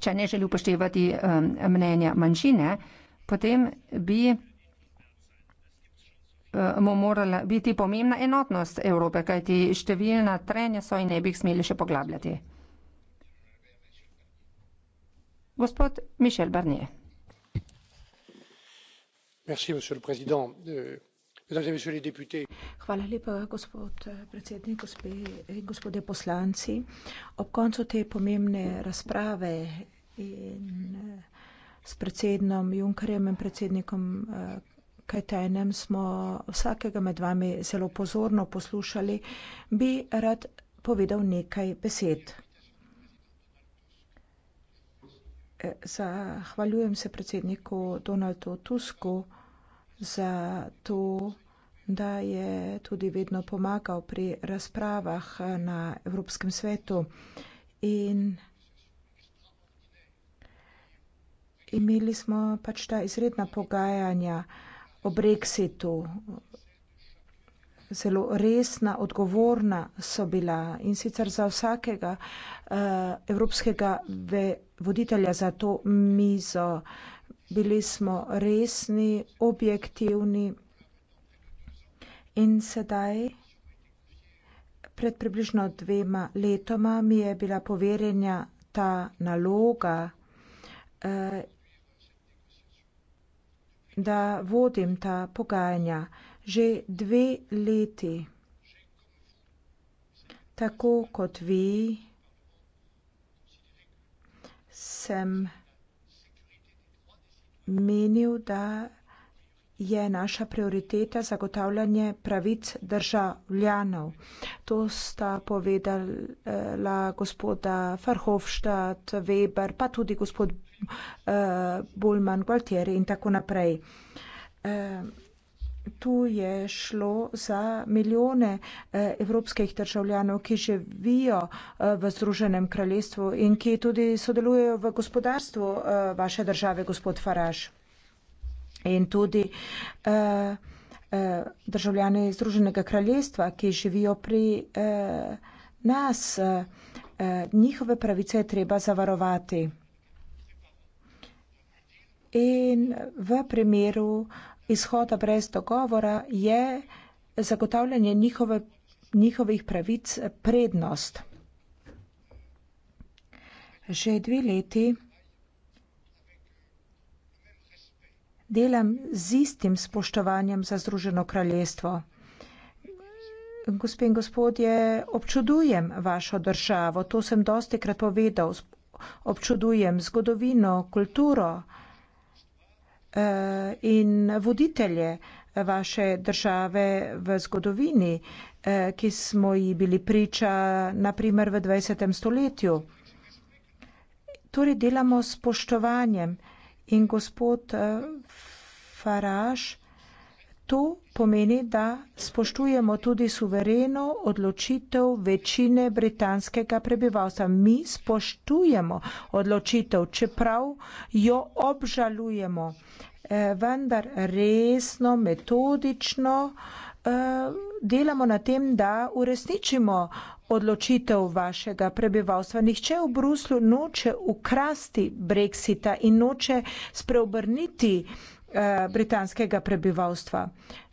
če ne želi upoštevati um, mnenja manjšine, uh, potem bi eh, mu morala biti pomembna enotnost Evrope, kajti številna trenja so in ne bi jih smeli še poglabljati. Gospod Mišel Barnier. Merci, monsieur le président. Euh, Hvala lepa, gospod eh, predsednik, gospe in gospode poslanci. Ob koncu te pomembne razprave in eh, s predsednom Junkerjem in predsednikom eh, Kajtenem smo vsakega med vami zelo pozorno poslušali, bi rad povedal nekaj besed. Eh, zahvaljujem se predsedniku Donaldu Tusku za to, da je tudi vedno pomagal pri razpravah eh, na Evropskem svetu in imeli smo pač ta izredna pogajanja o brexitu. Zelo resna, odgovorna so bila in sicer za vsakega uh, evropskega ve, voditelja za to mizo. Bili smo resni, objektivni in sedaj, pred približno dvema letoma, mi je bila poverjena ta naloga. Uh, da vodim ta pogajanja že dve leti. Tako kot vi, sem menil, da je naša prioriteta zagotavljanje pravic državljanov. To sta povedala gospoda Farhofštad, Weber, pa tudi gospod Eh, bolj manj Gualtieri in tako naprej. Eh, tu je šlo za milijone eh, evropskih državljanov, ki živijo v Združenem kraljestvu in ki tudi sodelujejo v gospodarstvu vaše države, gospod Faraž. In tudi državljane Združenega kraljestva, ki živijo pri nas, njihove pravice je treba zavarovati in v primeru izhoda brez dogovora je zagotavljanje njihove, njihovih pravic prednost. Že dve leti delam z istim spoštovanjem za Združeno kraljestvo. Gospe in gospodje, občudujem vašo državo, to sem dosti krat povedal, občudujem zgodovino, kulturo. Eh, in voditelje vaše države v zgodovini, eh, ki smo ji bili priča, naprimer v 20. stoletju. Torej delamo s poštovanjem in gospod eh, Faraž, To pomeni, da spoštujemo tudi suvereno odločitev večine britanskega prebivalstva. Mi spoštujemo odločitev, čeprav jo obžalujemo, eh, vendar resno, metodično eh, delamo na tem, da uresničimo odločitev vašega prebivalstva. Nihče v Bruslu noče ukrasti brexita in noče spreobrniti Eh, britanskega prebivalstva.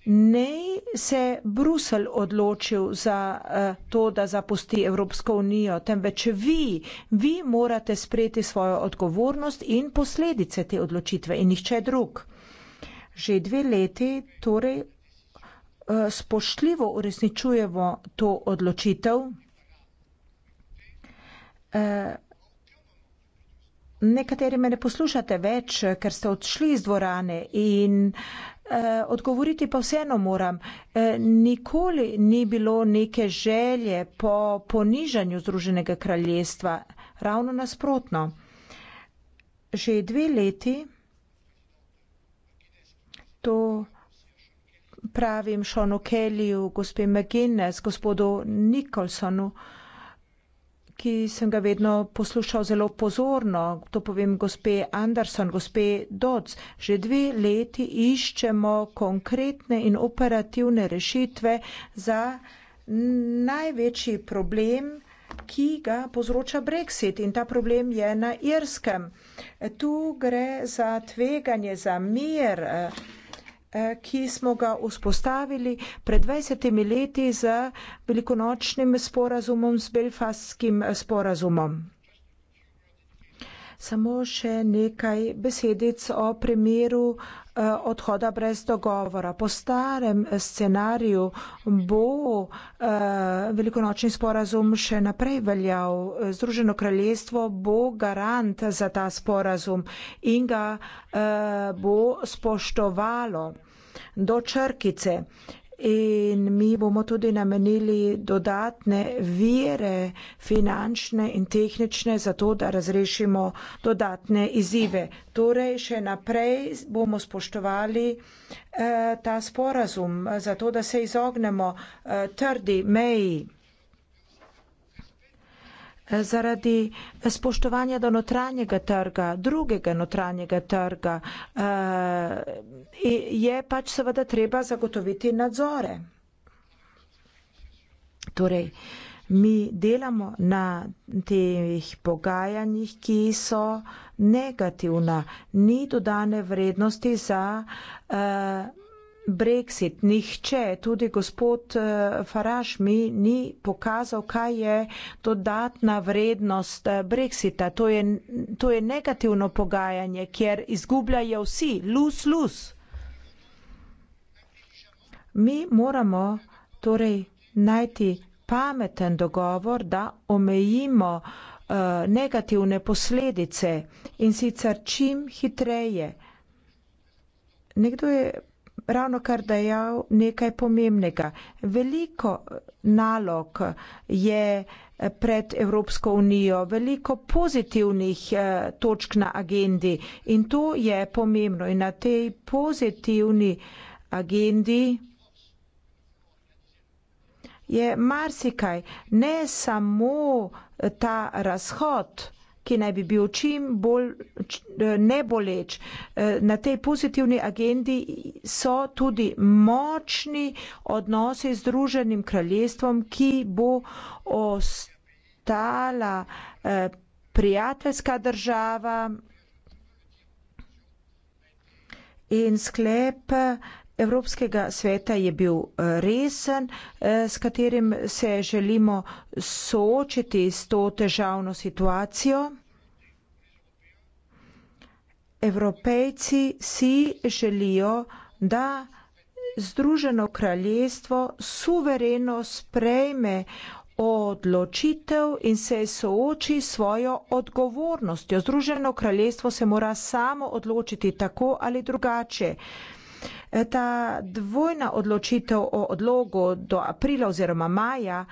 Nej se Brusel odločil za eh, to, da zapusti Evropsko unijo, temveč vi, vi morate sprejeti svojo odgovornost in posledice te odločitve in nihče drug. Že dve leti torej eh, spoštljivo uresničujemo to odločitev. Nekateri me ne poslušate več, ker ste odšli iz dvorane in eh, odgovoriti pa vseeno moram. Eh, nikoli ni bilo neke želje po ponižanju Združenega kraljestva, ravno nasprotno. Že dve leti to pravim Šonu Keliju, gospe McGinnes, gospodu Nicholsonu. Eh, ki sem ga vedno poslušal zelo pozorno, to povem gospe Anderson, gospe Dodds, že dve leti iščemo konkretne in operativne rešitve za največji problem, ki ga povzroča Brexit in ta problem je na Irskem. Tu gre za tveganje, za mir. Eh, ki smo ga vzpostavili pred 20 leti z velikonočnim sporazumom, z Belfastskim eh, sporazumom. Samo še nekaj besedic o primeru uh, Eh, odhoda brez dogovora. Po starem scenariju bo eh, velikonočni sporazum še naprej veljal. Združeno kraljestvo bo garant za ta sporazum in ga eh, bo spoštovalo do črkice in mi bomo tudi namenili dodatne vire finančne in tehnične za to, da razrešimo dodatne izzive. Torej, še naprej bomo spoštovali eh, ta sporazum, eh, zato da se izognemo eh, trdi meji zaradi spoštovanja do notranjega trga, drugega notranjega trga, eh, je pač seveda treba zagotoviti nadzore. Torej, mi delamo na teh pogajanjih, ki so negativna, ni dodane vrednosti za. Uh, Brexit, nihče, tudi gospod eh, Faraž mi ni pokazal, kaj je dodatna vrednost eh, Brexita. To je, to je negativno pogajanje, kjer izgubljajo vsi, lus, lus. Mi moramo torej najti pameten dogovor, da omejimo uh, negativne posledice in sicer čim hitreje. Nekdo je ravno kar dejal nekaj pomembnega. Veliko nalog je eh, pred Evropsko unijo, veliko pozitivnih eh, točk na agendi in to je pomembno. In na tej pozitivni agendi je marsikaj, ne samo eh, ta razhod, ki naj bi bil čim bolj eh, neboleč. Eh, na tej pozitivni agendi so tudi močni odnosi z Združenim kraljestvom, ki bo ostala eh, prijateljska država. In sklep Evropskega sveta je bil eh, resen, eh, s katerim se želimo soočiti s to težavno situacijo. Evropejci si želijo, da Združeno kraljestvo suvereno sprejme odločitev in se sooči svojo odgovornostjo. Združeno kraljestvo se mora samo odločiti tako ali drugače. Uh, Ta dvojna odločitev o odlogu do aprila oziroma maja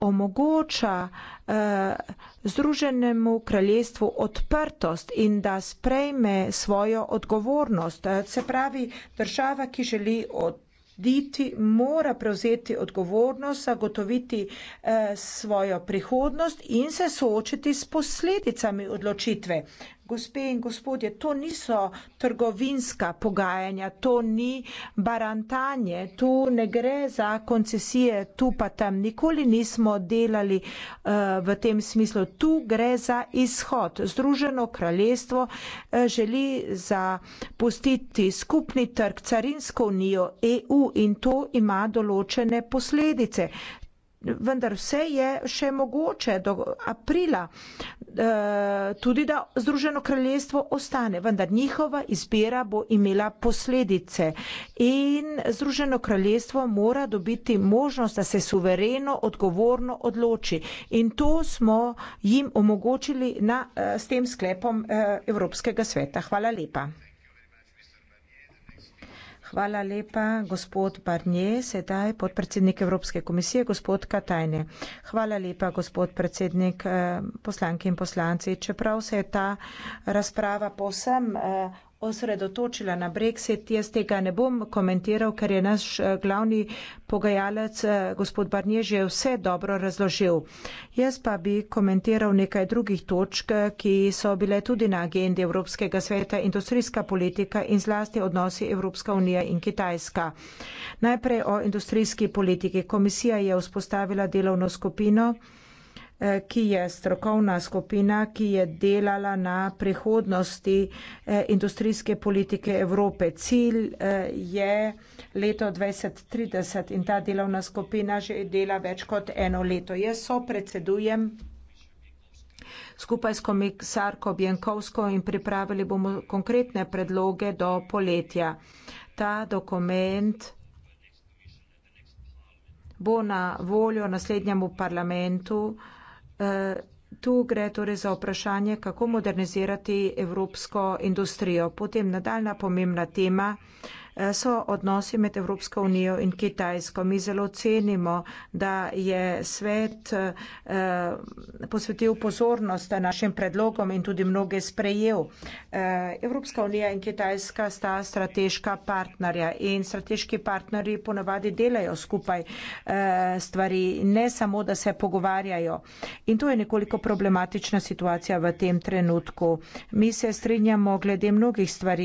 omogoča eh, Združenemu kraljestvu odprtost in da sprejme svojo odgovornost. Eh, se pravi, država, ki želi oditi, mora prevzeti odgovornost, zagotoviti eh, svojo prihodnost in se soočiti s posledicami odločitve. Gospe in gospodje, to niso trgovinska pogajanja, to ni barantanje, tu ne gre za koncesije, tu pa tam nikoli nismo delali uh, v tem smislu. Tu gre za izhod. Združeno kraljestvo uh, želi zapustiti skupni trg, carinsko unijo EU in to ima določene posledice vendar vse je še mogoče do aprila, eh, tudi da Združeno kraljestvo ostane, vendar njihova izbira bo imela posledice in Združeno kraljestvo mora dobiti možnost, da se suvereno, odgovorno odloči in to smo jim omogočili na, eh, s tem sklepom eh, Evropskega sveta. Hvala lepa. Hvala lepa, gospod Barnier, sedaj podpredsednik Evropske komisije, gospod Katajne. Hvala lepa, gospod predsednik, eh, poslanki in poslanci. Čeprav se je ta razprava posem eh, osredotočila na brexit. Jaz tega ne bom komentiral, ker je naš eh, glavni pogajalec, eh, gospod Barnier, že vse dobro razložil. Jaz pa bi komentiral nekaj drugih točk, eh, ki so bile tudi na agendi Evropskega sveta, industrijska politika in zlasti odnosi Evropska unija in Kitajska. Najprej o industrijski politiki. Komisija je vzpostavila delovno skupino Eh, ki je strokovna skupina, ki je delala na prihodnosti eh, industrijske politike Evrope. Cilj eh, je leto 2030 in ta delovna skupina že dela več kot eno leto. Jaz so predsedujem skupaj s komisarko Bjenkovsko in pripravili bomo konkretne predloge do poletja. Ta dokument bo na voljo naslednjemu parlamentu Eh, tu gre torej za vprašanje, kako modernizirati evropsko industrijo. Potem nadaljna pomembna tema Eh, so odnosi med Evropsko unijo in Kitajsko. Mi zelo cenimo, da je svet eh, posvetil pozornost našim predlogom in tudi mnoge sprejel. Eh, Evropska unija in Kitajska sta strateška partnerja in strateški partnerji ponavadi delajo skupaj stvari, ne samo, da se pogovarjajo. In to je nekoliko problematična situacija v tem trenutku. Mi se strinjamo glede mnogih stvari.